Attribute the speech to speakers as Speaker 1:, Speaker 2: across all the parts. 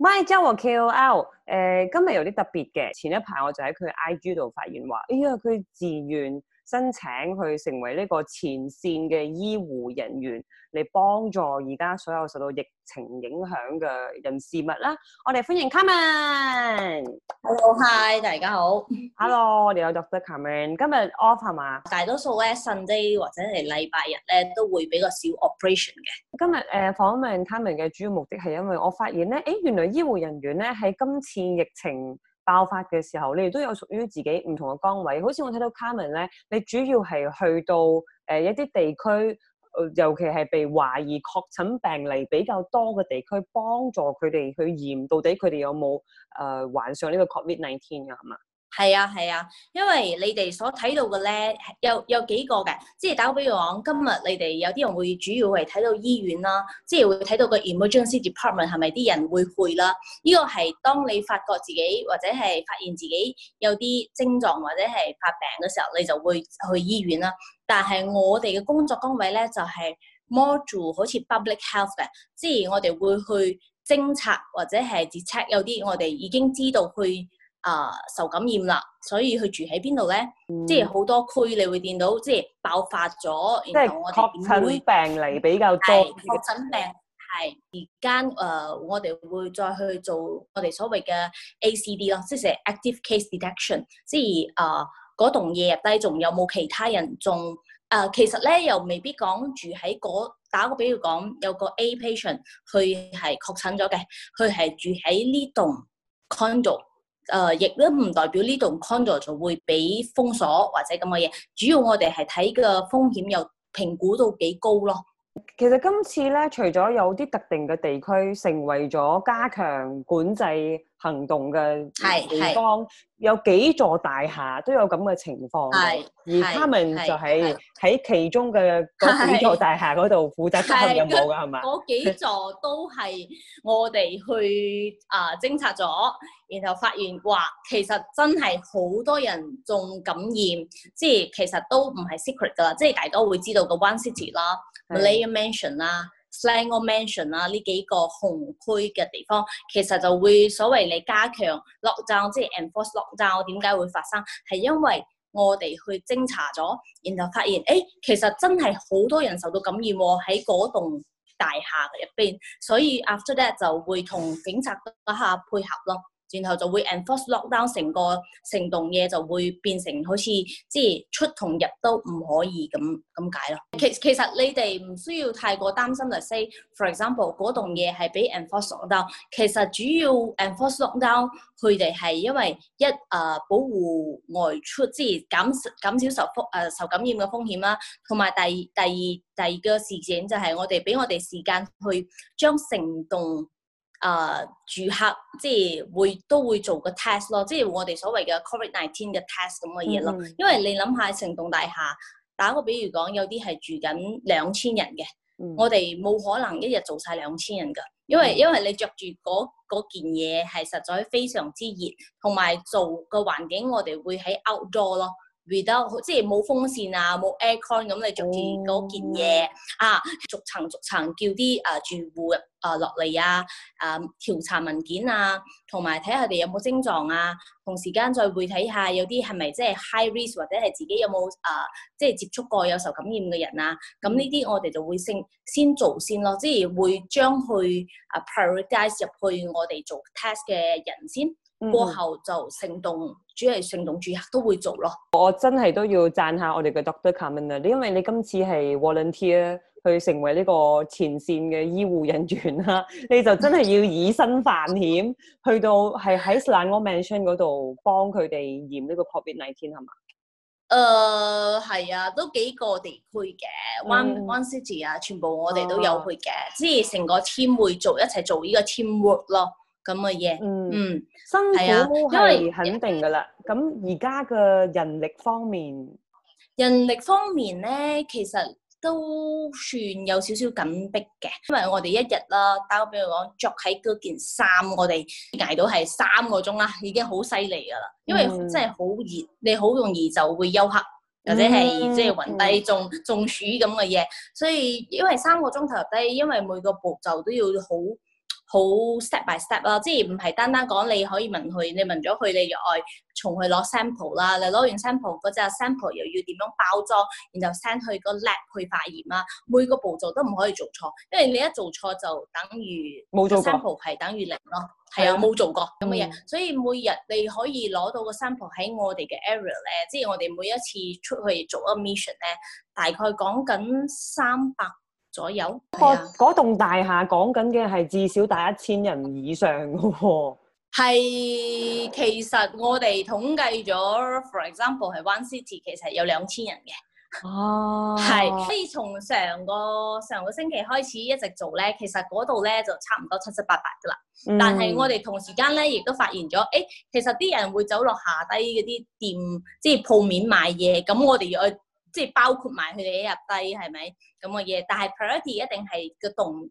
Speaker 1: My Joe 和 KOL，誒今日有啲特別嘅，前一排我就喺佢 IG 度發現話，哎呀佢自願，申請去成為呢個前線嘅醫護人員，嚟幫助而家所有受到疫情影響嘅人事物啦。我哋歡迎 Carmen。Hello hi，大家好。Hello，我哋
Speaker 2: 有 Doctor Carmen，今日 off 係嘛？大多數 Sunday 或者係禮拜日咧，都會
Speaker 1: 比較少 operation 嘅。今日誒、uh，訪問 Carmen 嘅主要目的係因為我發現咧，誒原來醫護人員咧喺今次疫情爆發嘅時候，你哋都有屬於自己唔同嘅崗位，好似我睇到 Carman 咧，你主要係去到誒一啲地區，尤其係被懷疑確診病例比較多嘅地區，幫助佢哋去驗到底佢哋有冇誒患上呢個 COVID-19 㗎，係嘛？
Speaker 2: 係啊係啊，因為你哋所睇到嘅咧，有有幾個嘅，即係打個比如講，今日你哋有啲人會主要係睇到醫院啦，即係會睇到個 emergency department 係咪啲人會去啦？呢個係當你發覺自己或者係發現自己有啲症狀或者係發病嘅時候，你就會去醫院啦。但係我哋嘅工作崗位咧就係 module 好似 public health 嘅，即係我哋會去偵察或者係 detect 有啲我哋已經知道去。啊、呃，受感染啦，所以佢住喺邊度咧？即係好多區，你會見到即係爆發咗，然後我哋會病例比較多。確診病係而家，誒、呃，我哋會再去做我哋所謂嘅 ACD 咯，即係 active case detection，即係誒，嗰棟嘢入低仲有冇其他人？仲、呃、誒，其實咧又未必講住喺嗰打個比喻講，有個 A patient 佢係確診咗嘅，佢係住喺呢棟 condo。誒，亦都唔代表呢棟 condo 就會被封鎖或者咁嘅嘢，主要我哋係睇個風險又評估到幾高咯。
Speaker 1: 其實今次咧，除咗有啲特定嘅地區成為咗加強管制行動嘅地方有幾座大廈都有咁嘅情況，而他們就係喺其中嘅嗰幾座大廈嗰度負責執行任務嘅係嘛？嗰是吧幾座
Speaker 2: 都係我哋去啊、呃、偵察咗，然後發現嘩其實真係好多人仲感染，即係其實都唔係 secret 㗎啦，即係大家會知道個 One City 啦 l a y m a n 啦。的 Slang or Mansion 啦，呢幾個紅區嘅地方，其實就會所謂你加強 lock lockdown，即係 enforce lockdown，點解會發生？係因為我哋去偵查咗，然後發現，誒、哎，其實真係好多人受到感染喎、啊，喺嗰棟大廈嘅入邊，所以 After 咧就會同警察一下配合咯。然後就會 enforce lockdown，成個成棟嘢就會變成好似即係出同入都唔可以咁咁解咯。其其實你哋唔需要太過擔心就 say，for example 嗰棟嘢係俾 enforce lockdown。其實主要 enforce lockdown 佢哋係因為一誒、呃、保護外出，即係減減少受風誒、呃、受感染嘅風險啦。同埋第，第二第二第二個事件就係我哋俾我哋時間去將成棟。啊！Uh, 住客即係會都會做個 test 咯，即係我哋所謂嘅 covid nineteen 嘅 test 咁嘅嘢咯。因為你諗下，成棟大廈打個比如講，有啲係住緊兩千人嘅，我哋冇可能一日做晒兩千人噶。因為因為你着住嗰件嘢係實在非常之熱，同埋做個環境我哋會喺 outdoor 咯。Without, 即係冇風扇啊，冇 aircon 咁，你做件嘢啊，逐層逐層叫啲誒、呃、住戶誒落嚟啊，誒、呃呃、調查文件啊，同埋睇下佢哋有冇症狀啊，同時間再會睇下有啲係咪即係 high risk 或者係自己有冇誒、呃、即係接觸過有受感染嘅人啊，咁呢啲我哋就會先先做先咯，即係會將佢啊、uh, prioritise 入去我哋做 test 嘅人先。嗯、過後就成棟，主要係成棟住客都會做咯。
Speaker 1: 我真係都要讚下我哋嘅 Doctor Kamina，因為你今次係 volunteer 去成為呢個前線嘅醫護人員啦，你就真係要以身犯險，去到係喺 Southwest Mansion 嗰度幫佢哋驗呢個 COVID-19 係嘛？
Speaker 2: 誒係啊，都幾個地區嘅、嗯、one one city 啊，全部我哋都有去嘅，嗯、即係成個 team 會做一齊做呢個 team work 咯。
Speaker 1: 咁嘅嘢，嗯，辛苦係肯定噶啦。咁而家嘅人力方面，
Speaker 2: 人力方面咧，其實都算有少少緊迫嘅，因為我哋一日啦，打個比方講，着喺嗰件衫，我哋捱到係三個鐘啦，已經好犀利噶啦。因為真係好熱，你好容易就會休克，或者係即係暈低中中暑咁嘅嘢。所以因為三個鐘頭低，因為每個步驟都要好。好 step by step 啦，即係唔係單單講你可以問佢，你問咗佢，你又愛從去攞 sample 啦。你攞完 sample 嗰隻 sample 又要點樣包裝，然後 send 去個 lab 去化驗啦。每個步驟都唔可以做錯，因為你一做錯就等於冇做過，個 sample 係等於零咯。係啊的，冇做過咁嘅嘢，所以每日你可以攞到個 sample 喺我哋嘅 area 咧，即係我哋每一次出去做一個 mission 咧，大概講緊三百。
Speaker 1: 左右，嗰嗰我、啊、棟大廈講緊嘅係至少大一千人以上嘅喎、
Speaker 2: 哦。係，其實我哋統計咗，for example 係 One City，其實有兩千人嘅。哦、
Speaker 1: 啊，係，所以
Speaker 2: 從上個上個星期開始一直做咧，其實嗰度咧就差唔多七七八八嘅啦。嗯、但係我哋同時間咧亦都發現咗，誒、欸，其實啲人會走落下低嗰啲店，即係鋪面買嘢，咁我哋要去。即係包括埋佢哋一入低係咪咁嘅嘢？但係 priority、嗯、一定係個棟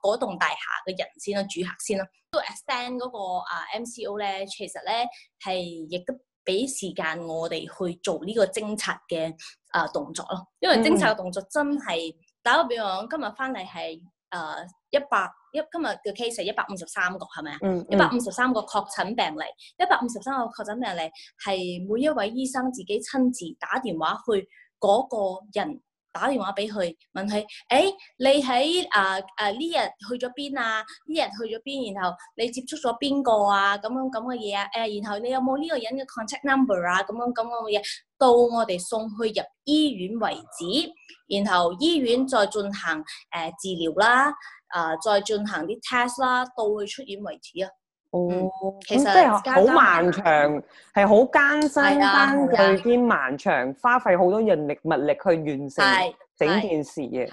Speaker 2: 嗰棟大廈嘅人先啦，主客先啦，都 extend 嗰個啊 MCO 咧，其實咧係亦都俾時間我哋去做呢個偵察嘅啊動作咯。因為偵察嘅動作真係，打個、嗯、比方，今日翻嚟係誒一百一，今日嘅 case 係一百五十三個係咪啊？一百五十三個確診病例，一百五十三個確診病例係每一位醫生自己親自打電話去。嗰個人打電話俾佢問佢，誒、欸、你喺啊啊呢日去咗邊啊？呢日去咗邊？然後你接觸咗邊個啊？咁樣咁嘅嘢啊？誒、呃，然後你有冇呢個人嘅 contact number 啊？咁樣咁嘅嘢，到我哋送去入醫院為止，然後醫院再進行誒、呃、治療啦，啊、呃、再進行啲 test 啦，到佢出院為止啊。
Speaker 1: 哦，咁即係好漫長，係好艱辛、艱巨、堅漫長，花費好多人力物力去完成整件事嘅。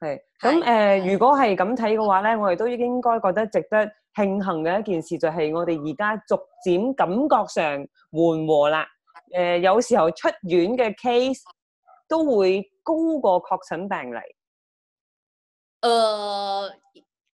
Speaker 1: 係，咁誒，如果係咁睇嘅話咧，我哋都應該覺得值得慶幸嘅一件事，就係我哋而家逐漸感覺上緩和啦。誒，有時候出院嘅 case 都會高過確診病例。
Speaker 2: 誒。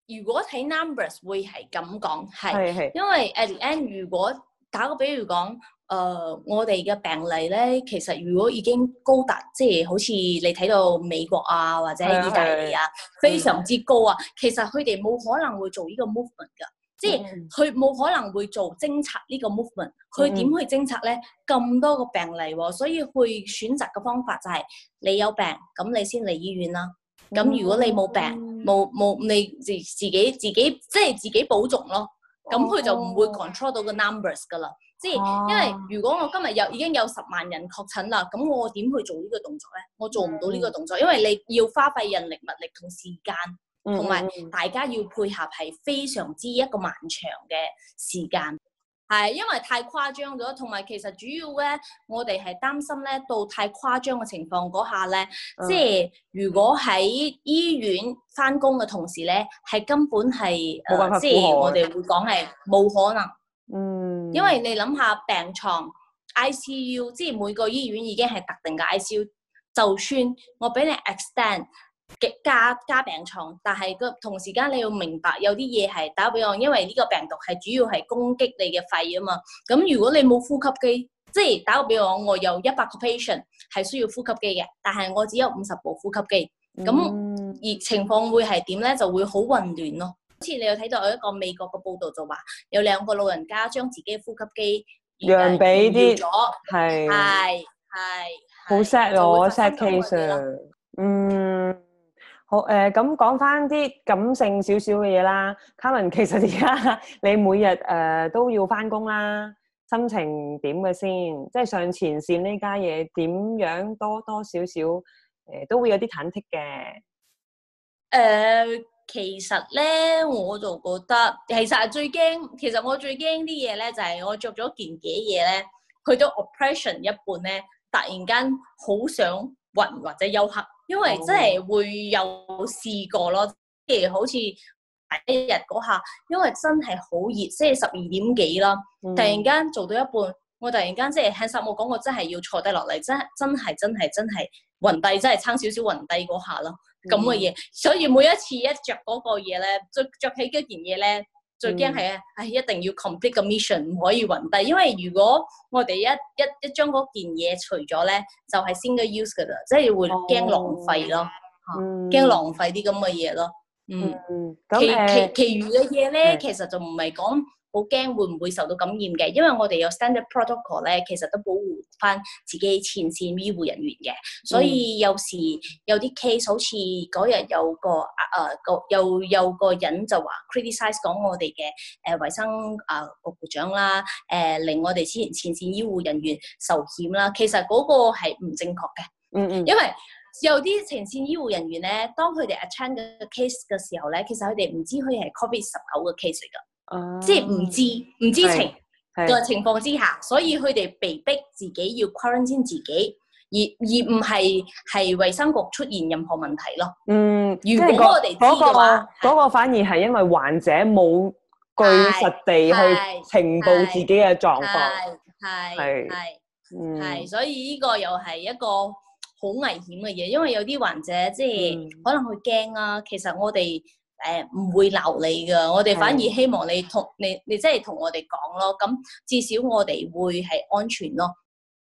Speaker 2: 如果睇 numbers 會係咁講，係的因為 at the end 如果打個比如講，誒、呃、我哋嘅病例咧，其實如果已經高達即係好似你睇到美國啊或者意大利啊，的非常之高啊，的其實佢哋冇可能會做呢個 movement 噶，即係佢冇可能會做偵察呢個 movement，佢點去偵察咧？咁多個病例，所以會選擇嘅方法就係、是、你有病咁你先嚟醫院啦。咁、嗯、如果你冇病，冇冇、嗯、你自己自己自己即係自己保重咯，咁佢、嗯、就唔會 control 到個 numbers 噶啦。即係、嗯、因為如果我今日有已經有十萬人確診啦，咁我點去做呢個動作咧？我做唔到呢個動作，嗯、因為你要花費人力物力同時間，同埋、嗯、大家要配合係非常之一個漫長嘅時間。係，因為太誇張咗，同埋其實主要咧，我哋係擔心咧到太誇張嘅情況嗰下咧，嗯、即係如果喺醫院翻工嘅同時咧，係根本係，即係我哋會講係冇可能。嗯，因為你諗下病床 ICU，即係每個醫院已經係特定嘅 ICU，就算我俾你 extend。嘅加加病床，但係個同時間你要明白，有啲嘢係打個比方，因為呢個病毒係主要係攻擊你嘅肺啊嘛。咁如果你冇呼吸機，即係打個比方，我有一百個 patient 係需要呼吸機嘅，但係我只有五十部呼吸機，咁而情況會係點咧？就會好混亂咯。之前你有睇到有一個美國嘅報道就話，有兩個老人家將自己呼吸機
Speaker 1: 讓俾啲，係係係，好 sad 咯，sad case，嗯。好誒，咁講翻啲感性少少嘅嘢啦，卡倫其實而家你每日誒、呃、都要翻工啦，心情點嘅先？即係上前線呢家嘢點樣多多少少誒都會有啲忐忑嘅。
Speaker 2: 誒、呃，其實咧我就覺得，其實係最驚，其實我最驚啲嘢咧就係、是、我着咗件嘅嘢咧，去到 operation 一半咧，突然間好想暈或者休克。因為真係會有試過咯，即係好似第一日嗰下，因為真係好熱，即係十二點幾啦，突然間做到一半，我突然間即係向薩母講，我真係要坐低落嚟，真係真係真係真係暈低，真係差少少暈低嗰下咯，咁嘅嘢。嗯、所以每一次一着嗰個嘢咧，著著起嗰件嘢咧。最驚係啊，唉、哎，一定要 complete 個 mission，唔可以暈低，因為如果我哋一一一將嗰件嘢除咗咧，就係 single use 㗎啦，即係會驚浪費咯，嚇，驚浪費啲咁嘅嘢咯，嗯，其嗯其其，其，其餘嘅嘢咧，是其實就唔係講。好驚會唔會受到感染嘅，因為我哋有 standard protocol 咧，其實都保護翻自己前線醫護人員嘅。所以有時有啲 case 好似嗰日有個啊，個、呃、又有，有個人就話 criticise 講我哋嘅誒衞生啊局、呃、部長啦，誒、呃、令我哋前前線醫護人員受險啦。其實嗰個係唔正確嘅，嗯，嗯，因為有啲前線醫護人員咧，當佢哋 attend 嘅 case 嘅時候咧，其實佢哋唔知佢係 COVID 十九嘅 case 嚟㗎。即係唔知唔知情嘅情況之下， 所以佢哋被逼自己要 quarantine 自己，而而唔係係衛生局出現任何問題咯。嗯，
Speaker 1: 如果我哋知嘅話，嗰是個反而係因為患者冇據實地去情報自己嘅狀況，係係係係，
Speaker 2: 所以呢個又係一個好危險嘅嘢，因為有啲患者即係、就是嗯、可能佢驚啊，其實我哋。誒唔、呃、會鬧你㗎，我哋反而希望你同、嗯、你你即係同我哋講咯，咁至少我哋會係安全咯。